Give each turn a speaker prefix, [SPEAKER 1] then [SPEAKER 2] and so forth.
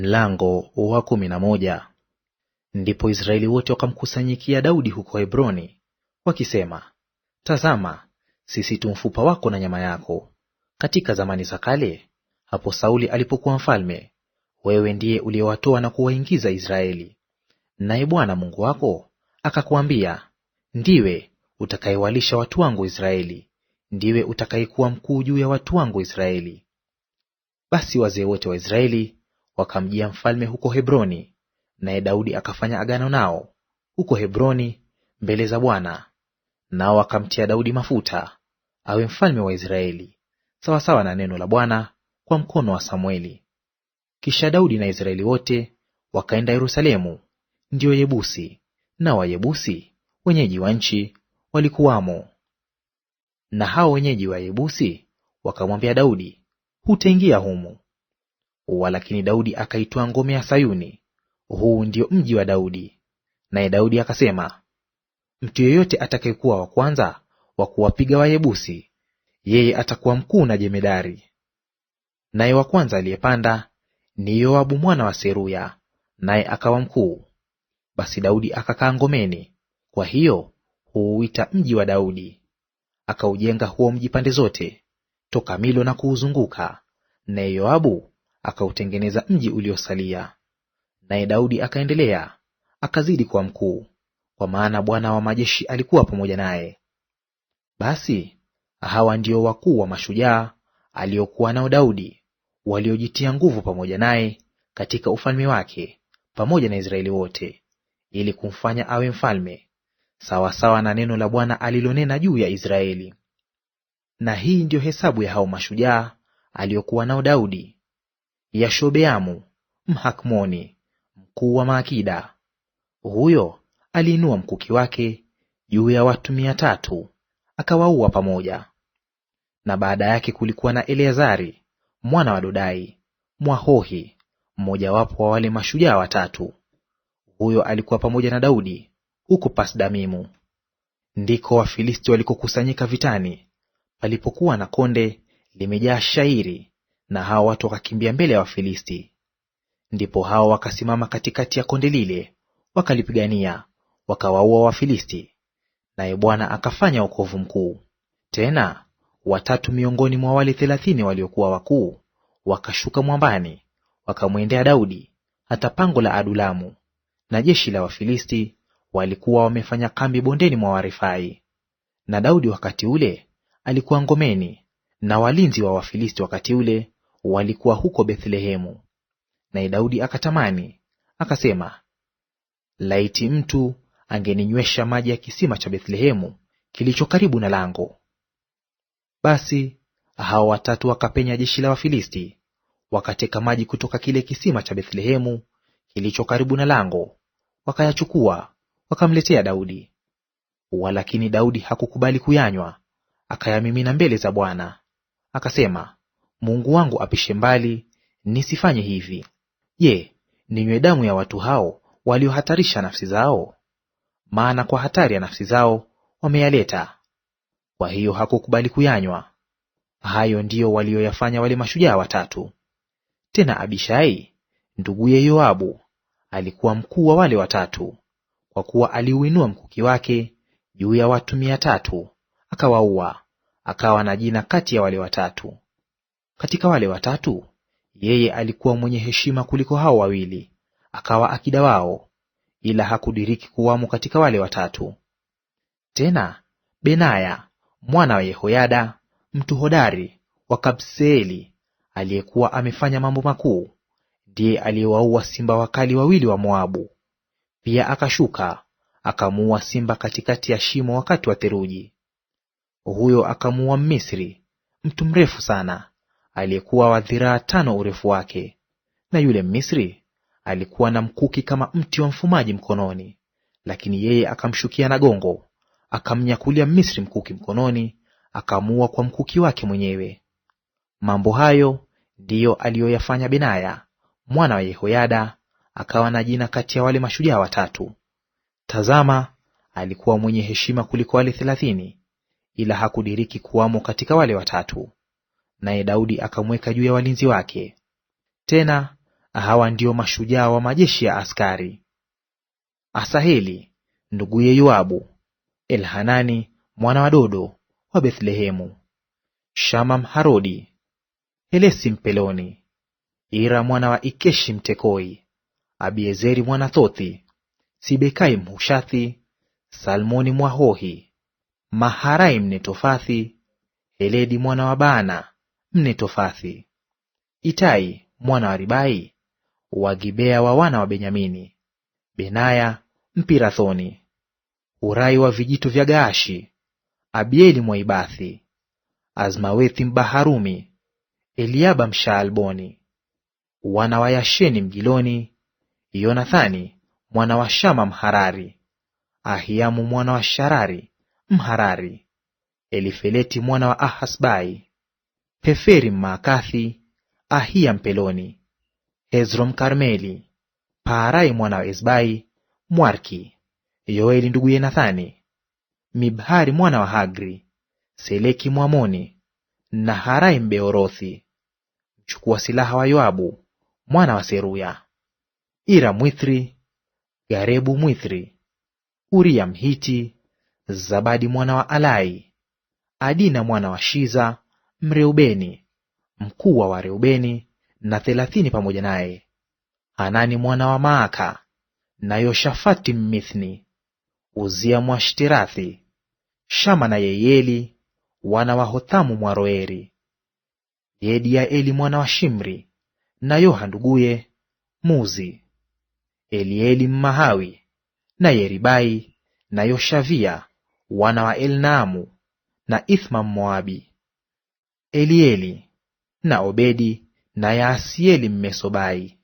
[SPEAKER 1] Mlango wa kumi na moja. Ndipo Israeli wote wakamkusanyikia Daudi huko Hebroni wakisema, Tazama, sisi tu mfupa wako na nyama yako. Katika zamani za kale, hapo Sauli alipokuwa mfalme, wewe ndiye uliyewatoa na kuwaingiza Israeli. Naye Bwana Mungu wako akakuambia, ndiwe utakayewalisha watu wangu Israeli, ndiwe utakayekuwa mkuu juu ya watu wangu Israeli. Basi wazee wote wa Israeli wakamjia mfalme huko Hebroni, naye Daudi akafanya agano nao huko Hebroni mbele za Bwana, nao wakamtia Daudi mafuta awe mfalme wa Israeli sawasawa na neno la Bwana kwa mkono wa Samueli. Kisha Daudi na Israeli wote wakaenda Yerusalemu, ndio Yebusi, na Wayebusi wenyeji wa nchi walikuwamo. Na hao wenyeji wa Yebusi wakamwambia Daudi, hutaingia humu, Walakini Daudi akaitwaa ngome ya Sayuni, huu ndio mji wa Daudi. Naye Daudi akasema, mtu yeyote atakayekuwa wa kwanza wa kuwapiga Wayebusi, yeye atakuwa mkuu na jemedari. Naye wa kwanza aliyepanda ni Yoabu mwana wa Seruya, naye akawa mkuu. Basi Daudi akakaa ngomeni, kwa hiyo huuita mji wa Daudi. Akaujenga huo mji pande zote toka Milo na kuuzunguka, naye Yoabu akautengeneza mji uliosalia. Naye Daudi akaendelea akazidi kuwa mkuu, kwa maana Bwana wa majeshi alikuwa pamoja naye. Basi hawa ndio wakuu wa mashujaa aliokuwa nao Daudi, waliojitia nguvu pamoja naye katika ufalme wake, pamoja na Israeli wote, ili kumfanya awe mfalme sawasawa na neno la Bwana alilonena juu ya Israeli. Na hii ndiyo hesabu ya hao mashujaa aliyokuwa nao Daudi Yashobeamu Mhakmoni, mkuu wa maakida; huyo aliinua mkuki wake juu ya watu mia tatu akawaua pamoja. Na baada yake kulikuwa na Eleazari mwana wa Dodai Mwahohi, mmojawapo wa wale mashujaa watatu; huyo alikuwa pamoja na Daudi huko Pasdamimu. Ndiko Wafilisti walikokusanyika vitani, palipokuwa na konde limejaa shairi na hao watu wakakimbia mbele ya wa Wafilisti. Ndipo hao wakasimama katikati ya konde lile, wakalipigania, wakawaua Wafilisti, naye Bwana akafanya wokovu mkuu. Tena watatu miongoni mwa wale thelathini waliokuwa wakuu wakashuka mwambani, wakamwendea Daudi hata pango la Adulamu, na jeshi la Wafilisti walikuwa wamefanya kambi bondeni mwa Warefai. Na Daudi wakati ule alikuwa ngomeni, na walinzi wa Wafilisti wakati ule walikuwa huko Bethlehemu. Naye Daudi akatamani akasema, laiti mtu angeninywesha maji ya kisima cha Bethlehemu kilicho karibu na lango. Basi hao watatu wakapenya jeshi la Wafilisti, wakateka maji kutoka kile kisima cha Bethlehemu kilicho karibu na lango, wakayachukua wakamletea Daudi. Walakini Daudi hakukubali kuyanywa, akayamimina mbele za Bwana. Akasema, Mungu wangu apishe mbali nisifanye hivi. Je, ninywe damu ya watu hao waliohatarisha nafsi zao? Maana kwa hatari ya nafsi zao wameyaleta, kwa hiyo hakukubali kuyanywa. Hayo ndiyo waliyoyafanya wale mashujaa watatu. Tena Abishai nduguye Yoabu alikuwa mkuu wa wale watatu, kwa kuwa aliuinua mkuki wake juu ya watu mia tatu akawaua, akawa na jina kati ya wale watatu. Katika wale watatu yeye alikuwa mwenye heshima kuliko hao wawili, akawa akida wao, ila hakudiriki kuwamo katika wale watatu. Tena Benaya mwana wa Yehoyada mtu hodari wa Kabseeli, aliyekuwa amefanya mambo makuu, ndiye aliyewaua simba wakali wawili wa Moabu. Pia akashuka akamuua simba katikati ya shimo wakati wa theluji. Huyo akamuua Mmisri, mtu mrefu sana, aliyekuwa wa dhiraa tano urefu wake, na yule Mmisri alikuwa na mkuki kama mti wa mfumaji mkononi, lakini yeye akamshukia na gongo, akamnyakulia Mmisri mkuki mkononi, akamuua kwa mkuki wake mwenyewe. Mambo hayo ndiyo aliyoyafanya Benaya mwana wa Yehoyada, akawa na jina kati ya wale mashujaa watatu. Tazama, alikuwa mwenye heshima kuliko wale thelathini, ila hakudiriki kuwamo katika wale watatu naye Daudi akamweka juu ya walinzi wake. Tena hawa ndio mashujaa wa majeshi ya askari: Asaheli nduguye Yoabu, Elhanani mwana wa Dodo wa Bethlehemu, Shama Mharodi, Helesi Mpeloni, Ira mwana wa Ikeshi Mtekoi, Abiezeri mwana Thothi, Sibekai Mhushathi, Salmoni Mwahohi, Maharai Mnetofathi, Heledi mwana wa Baana, mne Tofathi; Itai mwana wa Ribai wa Gibea wa wana wa Benyamini; Benaya Mpirathoni; urai wa vijito vya Gaashi; Abieli Mwaibathi; Azmawethi Mbaharumi; Eliaba Mshaalboni; wana wa Yasheni Mgiloni; Yonathani mwana wa Shama Mharari; Ahiamu mwana wa Sharari Mharari; Elifeleti mwana wa Ahasbai Heferi Mmaakathi, ahia Mpeloni, Hezro Mkarmeli, Paarai mwana wa ezbai Mwarki, Yoeli nduguye Nathani, Mibhari mwana wa Hagri, Seleki Mwamoni, Naharai Mbeorothi, mchukua silaha wa Yoabu mwana wa Seruya, Ira Mwithri, Garebu Mwithri, Uria Mhiti, Zabadi mwana wa Alai, Adina mwana wa Shiza Mreubeni mkuu wa Wareubeni na thelathini pamoja naye; Hanani mwana wa Maaka, na Yoshafati Mmithni, Uzia mwashtirathi Shama na yeieli wana wa Hothamu Mwaroeri, Yediaeli mwana wa Shimri, na Yoha nduguye Muzi, Elieli Mmahawi, na Yeribai na Yoshavia wana wa Elnaamu, na Ithma Mmoabu. Elieli na Obedi na Yaasieli Mmesobai